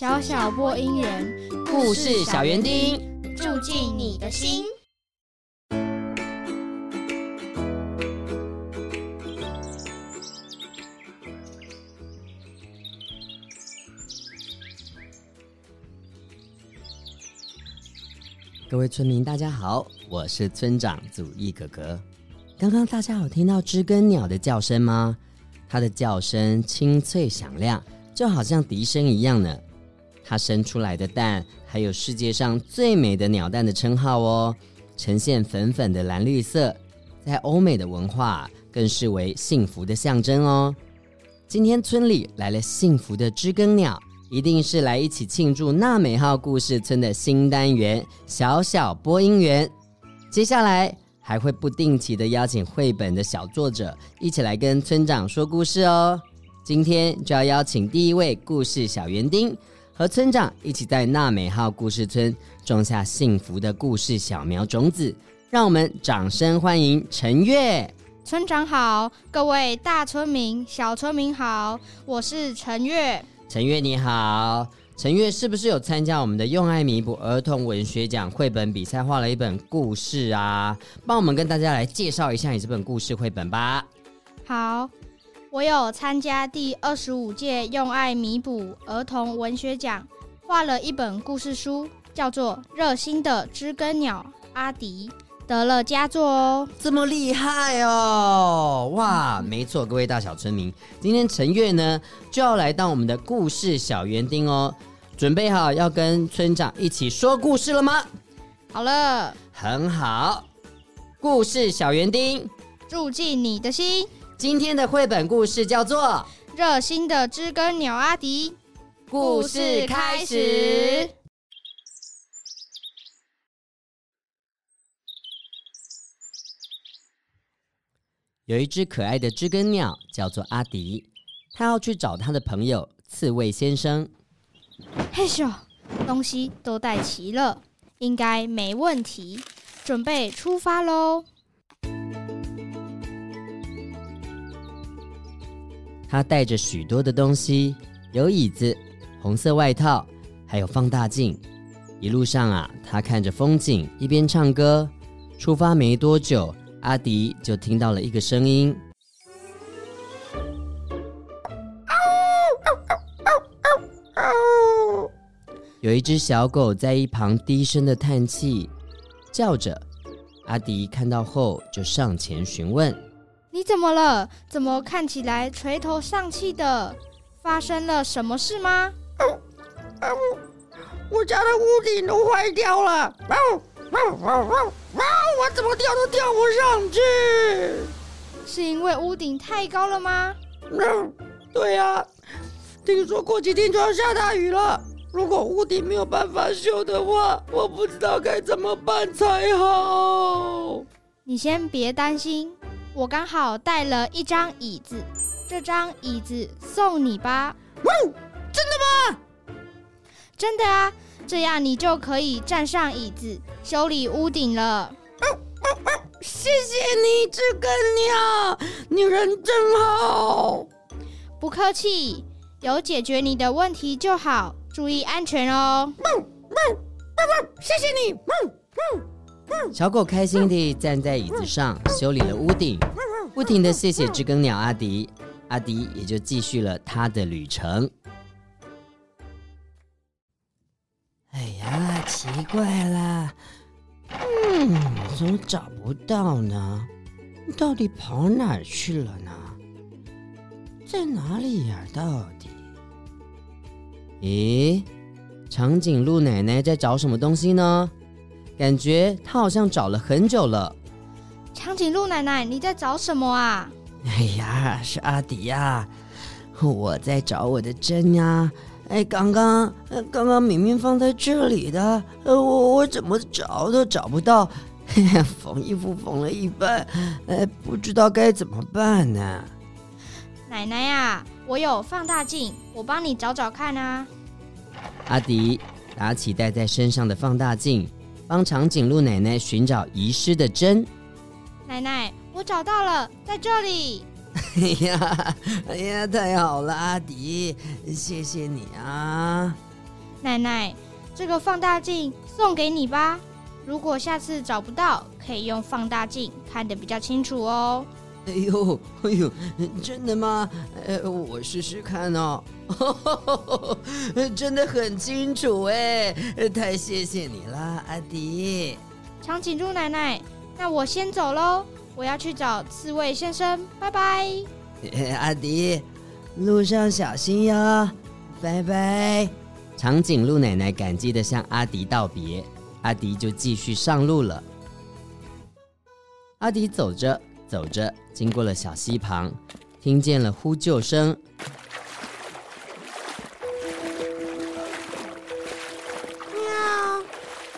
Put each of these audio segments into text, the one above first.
小小播音員，故事小園丁，住進你的心。各位村民，大家好，我是村長祖逸哥哥。剛剛大家有聽到知更鳥的叫聲嗎？它的叫聲清脆響亮，就好像笛聲一樣呢。它生出來的蛋還有世界上最美的鳥蛋的稱號哦，呈現粉粉的藍綠色，在歐美的文化更視為幸福的象徵哦。今天村裡來了幸福的知更鳥，一定是來一起慶祝納美號故事村的新單元小小播音員。接下來還會不定期的邀請繪本的小作者一起來跟村長說故事哦。今天就要邀請第一位故事小園丁。和村長一起在納美號故事村種下幸福的故事小苗種子，讓我們掌聲歡迎宸岳。村長好，各位大村民、小村民好，我是宸岳。宸岳你好，宸岳是不是有參加我們的用愛彌補兒童文學獎繪本比賽，畫了一本故事啊？幫我們跟大家來介紹一下你這本故事繪本吧。好。我有參加第二十五屆用愛彌補兒童文學獎，畫了一本故事書，叫做《熱心的知更鳥阿迪》，得了佳作哦。這麼厲害哦！哇，嗯、沒錯，各位大小村民，今天宸岳呢就要來當我們的故事小園丁哦，準備好要跟村長一起說故事了嗎？好了，很好，故事小園丁住進你的心。今天的繪本故事叫做《熱心的知更鳥阿迪》。故事開始。有一隻可愛的知更鳥，叫做阿迪，他要去找他的朋友刺蝟先生。嘿咻，東西都帶齊了，應該沒問題，準備出發嘍！他帶着許多的東西，有椅子、紅色外套，還有放大鏡。一路上啊，他看着風景，一邊唱歌。出發沒多久，阿迪就聽到了一個聲音。啊啊啊啊啊。有一隻小狗在一旁低聲的嘆氣，叫着。阿迪看到後就上前詢問。你怎麼了？怎麼看起來垂頭喪氣的？發生了什麼事嗎？啊啊、我家的屋頂都壞掉了！啊啊啊、我怎麼跳都跳不上去！是因為屋頂太高了嗎？啊、對呀、啊！聽說過幾天就要下大雨了。如果屋頂沒有辦法修的話，我不知道該怎麼辦才好。你先別擔心。我剛好帶了一張椅子，這張椅子送你吧。真的嗎？真的啊，這樣你就可以站上椅子修理屋頂了。嗯嗯嗯、謝謝你，知更鳥，你人真好。不客氣，有解決你的問題就好。注意安全哦。嗯嗯嗯嗯、謝謝你。嗯嗯。小狗開心地站在椅子上修理了屋頂，不停的謝謝知更鳥阿迪，阿迪也就繼續了他的旅程。哎呀，奇怪了，嗯，怎麼找不到呢？到底跑哪兒去了呢？在哪裡呀，啊？到底？咦，長頸鹿奶奶在找什麼東西呢？感覺他好像找了很久了。長頸鹿奶奶，你在找什麼啊？哎呀，是阿迪呀！我在找我的針啊！哎，剛剛剛剛明明放在這裡的，我我怎麼找都找不到。嘿嘿，縫衣服縫了一半，哎，不知道該怎麼辦呢。奶奶呀，我有放大鏡，我幫你找找看啊。阿迪，拿起戴在身上的放大鏡。幫長頸鹿奶奶尋找遺失的針。奶奶，我找到了，在這裡。 哎呀，哎呀，太好了，阿迪，謝謝你啊！奶奶，這個放大鏡送給你吧。如果下次找不到，可以用放大鏡看得比較清楚哦。哎呦，哎呦，真的嗎？哎，我試試看哦，呵呵呵，真的很清楚哎！太謝謝你了，阿迪。長頸鹿奶奶，那我先走嘍，我要去找刺蝟先生，拜拜。哎，阿迪，路上小心呀、哦。拜拜。長頸鹿奶奶感激的向阿迪道別，阿迪就繼續上路了。阿迪走着。走着，經過了小溪旁，聽見了呼救聲。喵！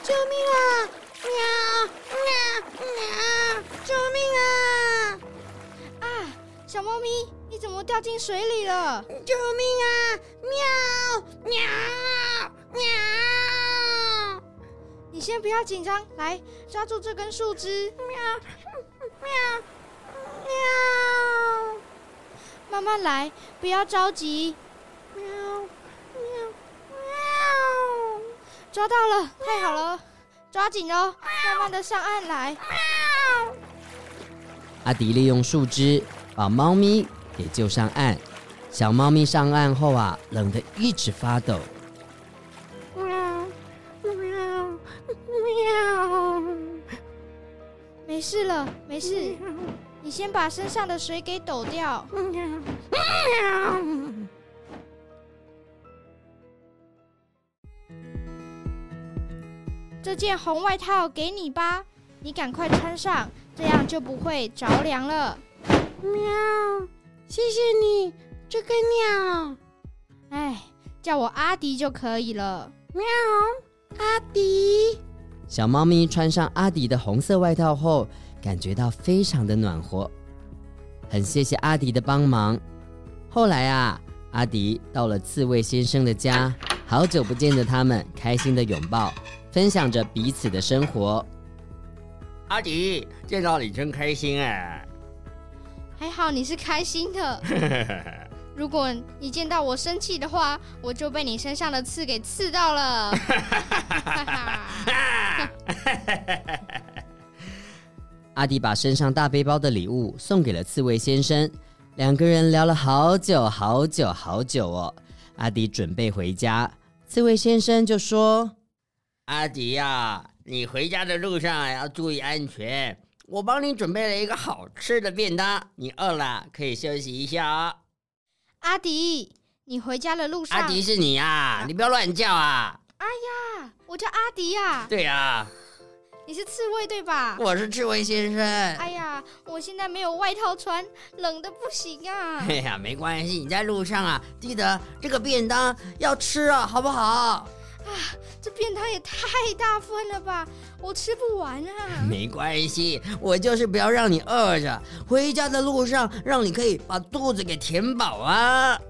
救命啊！喵！喵！喵！救命啊！啊，小貓咪，你怎麼掉進水裡了？救命啊！喵！喵！喵！你先不要緊張，來抓住這根樹枝。喵！喵！喵慢慢來，不要着急。喵喵喵，抓到了，喵太好了，抓緊哦，喵慢慢的上岸來。喵阿迪利用樹枝把貓咪給救上岸。小貓咪上岸後啊，冷得一直發抖。喵喵喵，沒事了，沒事。你先把身上的水給抖掉。喵！這件紅外套給你吧，你趕快穿上，這樣就不會着涼了。喵，謝謝你，這個喵。哎，叫我阿迪就可以了。喵，阿迪。小貓咪穿上阿迪的紅色外套後。感覺到非常的暖和，很謝謝阿迪的幫忙。後來啊，阿迪到了刺蝟先生的家，好久不見的他們開心的擁抱，分享着彼此的生活。阿迪，見到你真開心哎、啊！還好你是開心的， 如果你見到我生氣的話，我就被你身上的刺給刺到了。 阿迪把身上大背包的禮物送給了刺蝟先生，兩個人聊了好久好久好久哦。阿迪準備回家，刺蝟先生就說：“阿迪呀，你回家的路上要注意安全，我幫你準備了一個好吃的便當，你餓了可以休息一下哦。阿迪，你回家的路上……阿迪是你呀，你不要亂叫啊！哎呀，我叫阿迪呀。對呀。你是刺蝟對吧？我是刺蝟先生。哎呀，我現在沒有外套穿，冷得不行啊！哎呀，沒關係，你在路上啊，記得這個便當要吃啊，好不好？啊，這便當也太大份了吧，我吃不完啊！沒關係，我就是不要讓你餓着，回家的路上讓你可以把肚子給填飽啊！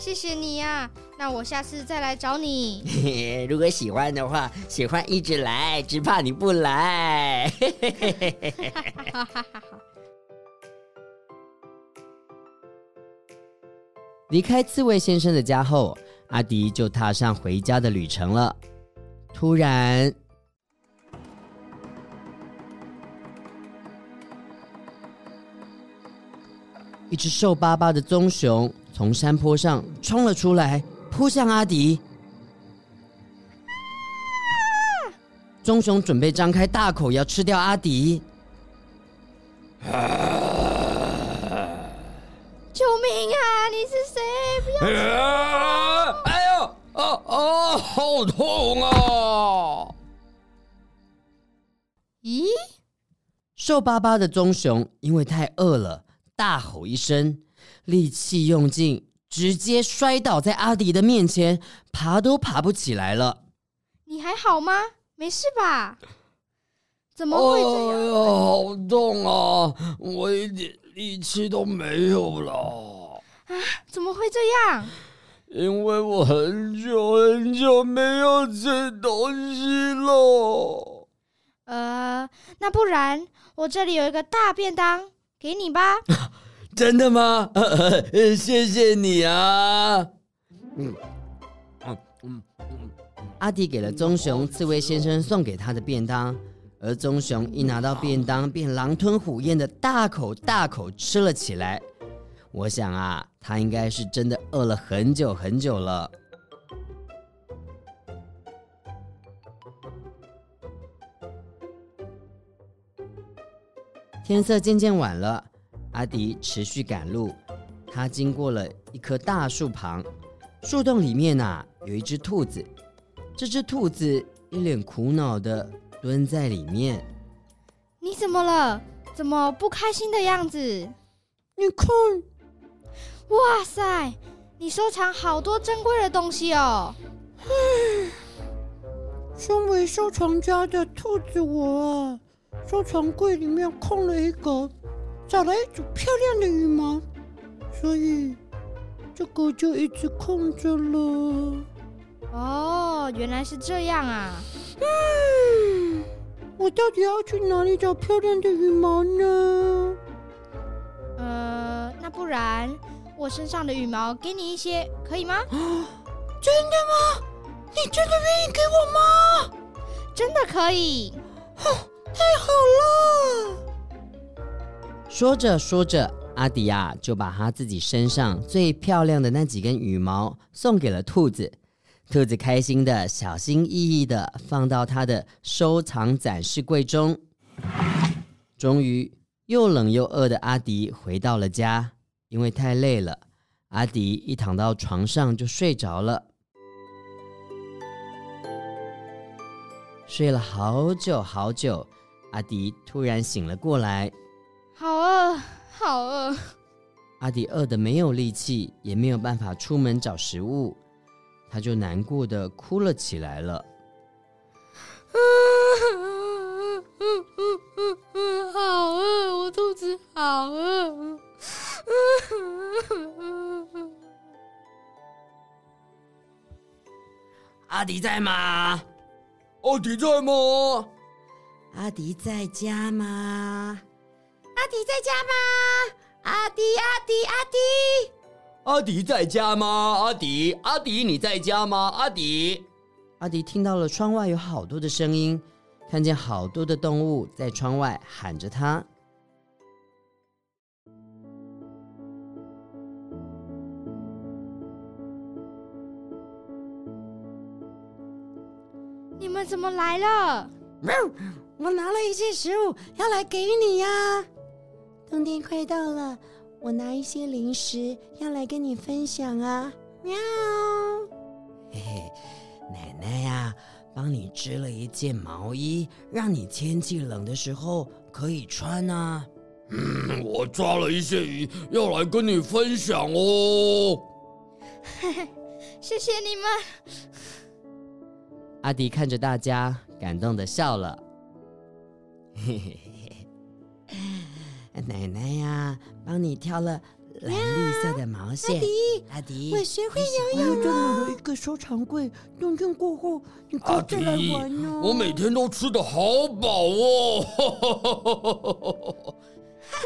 謝謝你呀、啊。那我下次再來找你。 如果喜歡的話，喜歡一直來，只怕你不來。 離開刺蝟先生的家後，阿迪就踏上回家的旅程了。突然，一隻瘦巴巴的棕熊從山坡上衝了出來。撲向阿迪，棕熊，啊、準備張開大口要吃掉阿迪！啊、救命啊！你是誰，不要啊！哎呦，哦啊，啊，好痛啊！咦，瘦巴巴的棕熊因為太餓了，大吼一聲，力氣用盡。直接摔倒在阿迪的面前，爬都爬不起來了。你還好嗎？沒事吧？怎麼會這樣？我、啊、好痛啊！我一點力氣都沒有了。啊？怎麼會這樣？因為我很久很久沒有吃東西了。呃，那不然我這裡有一個大便當給你吧。 真的嗎？ 謝謝你啊！嗯嗯嗯嗯嗯、阿迪給了棕熊刺蝟先生送給他的便當，而棕熊一拿到便當，便狼吞虎咽的大口大口吃了起來。我想啊，他應該是真的餓了很久很久了。天色漸漸晚了。阿迪持續趕路，他經過了一棵大樹旁，樹洞裡面啊，有一隻兔子，這隻兔子一臉苦惱的蹲在裡面。你怎麼了？怎麼不開心的樣子？你看。哇塞，你收藏好多珍貴的東西哦。身為收藏家的兔子我啊，收藏櫃裡面空了一格。找了一組漂亮的羽毛，所以這個就一直空着了。哦，原來是這樣啊！嗯，我到底要去哪裡找漂亮的羽毛呢？呃，那不然我身上的羽毛給你一些，可以嗎？真的嗎？你真的願意給我嗎？真的可以！太好了！說着說着，阿迪呀、啊，就把他自己身上最漂亮的那幾根羽毛送給了兔子。兔子開心的小心翼翼的放到他的收藏展示櫃中。終於，又冷又餓的阿迪回到了家，因為太累了，阿迪一躺到床上就睡着了。睡了好久好久，阿迪突然醒了過來。好餓，好餓！阿迪餓得沒有力氣，也沒有辦法出門找食物，他就難過地哭了起來了、 嗯。好餓，我肚子好餓。 阿迪在嗎？阿迪在嗎？阿迪在家嗎？阿迪在家嗎？阿迪、阿迪、阿迪，阿迪，阿迪在家嗎？阿迪、阿迪，你在家嗎？阿迪，阿迪聽到了窗外有好多的聲音，看見好多的動物在窗外喊着他。你們怎麼來了？喵。我拿了一些食物要來給你呀、啊。冬天快到了，我拿一些零食要來跟你分享啊！喵。嘿嘿，奶奶呀、啊，幫你織了一件毛衣，讓你天氣冷的時候可以穿啊。嗯，我抓了一些魚要來跟你分享哦。嘿嘿，謝謝你們。阿迪看着大家，感動地笑了。嘿嘿。奶奶呀、啊，幫你挑了藍綠色的毛線。阿迪、啊，阿迪，阿迪我學會游泳了。個一個收藏櫃，冬天過後，你可以再來玩、哦。我每天都吃得好飽哦。哈哈哈哈哈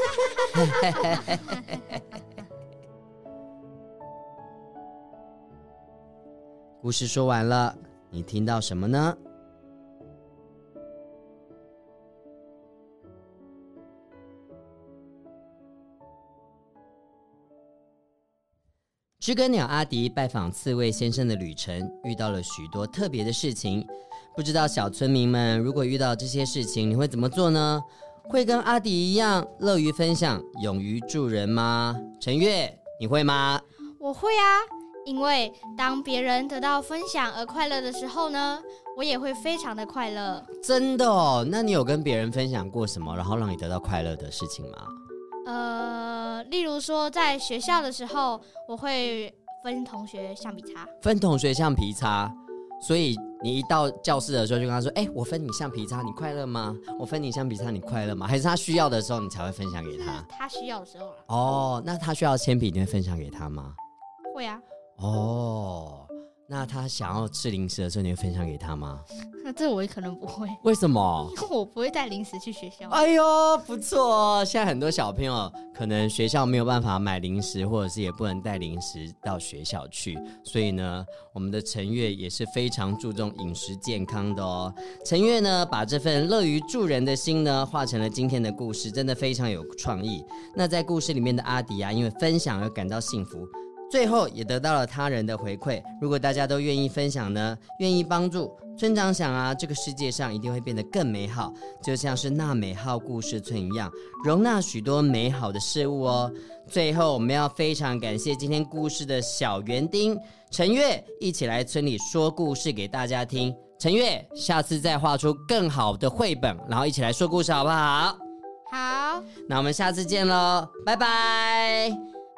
哈哈哈哈哈！故事說完了，你聽到什麼呢？知更鳥阿迪拜訪刺蝟先生的旅程，遇到了許多特別的事情。不知道小村民們如果遇到這些事情，你會怎麼做呢？會跟阿迪一樣樂於分享，勇於助人嗎？宸岳，你會嗎？我會啊，因為當別人得到分享而快樂的時候呢，我也會非常的快樂。真的哦？那你有跟別人分享過什麼，然後讓你得到快樂的事情嗎？呃。例如說，在學校的時候，我會分同學橡皮擦。分同學橡皮擦，所以你一到教室的時候，就跟他說：“哎，我分你橡皮擦，你快樂嗎？我分你橡皮擦，你快樂嗎？”還是他需要的時候，你才會分享給他？他需要的時候啊。哦，那他需要鉛筆，你會分享給他嗎？會啊。哦。那他想要吃零食的時候，你會分享給他嗎？那這我也可能不會。為什麼？因為我不會帶零食去學校。哎呦，不錯哦！ 現在很多小朋友可能學校沒有辦法買零食，或者是也不能帶零食到學校去，所以呢，我們的宸岳也是非常注重飲食健康的哦。宸岳呢，把這份樂於助人的心呢，化成了今天的故事，真的非常有創意。那在故事裡面的阿迪啊，因為分享而感到幸福。最後也得到了他人的回饋。如果大家都願意分享呢，願意幫助村長想啊，這個世界上一定會變得更美好，就像是娜美號故事村一樣，容納許多美好的事物哦。最後，我們要非常感謝今天故事的小園丁宸岳，一起來村裡說故事給大家聽。宸岳，下次再畫出更好的繪本，然後一起來說故事，好不好？好，那我們下次見嘍，拜拜。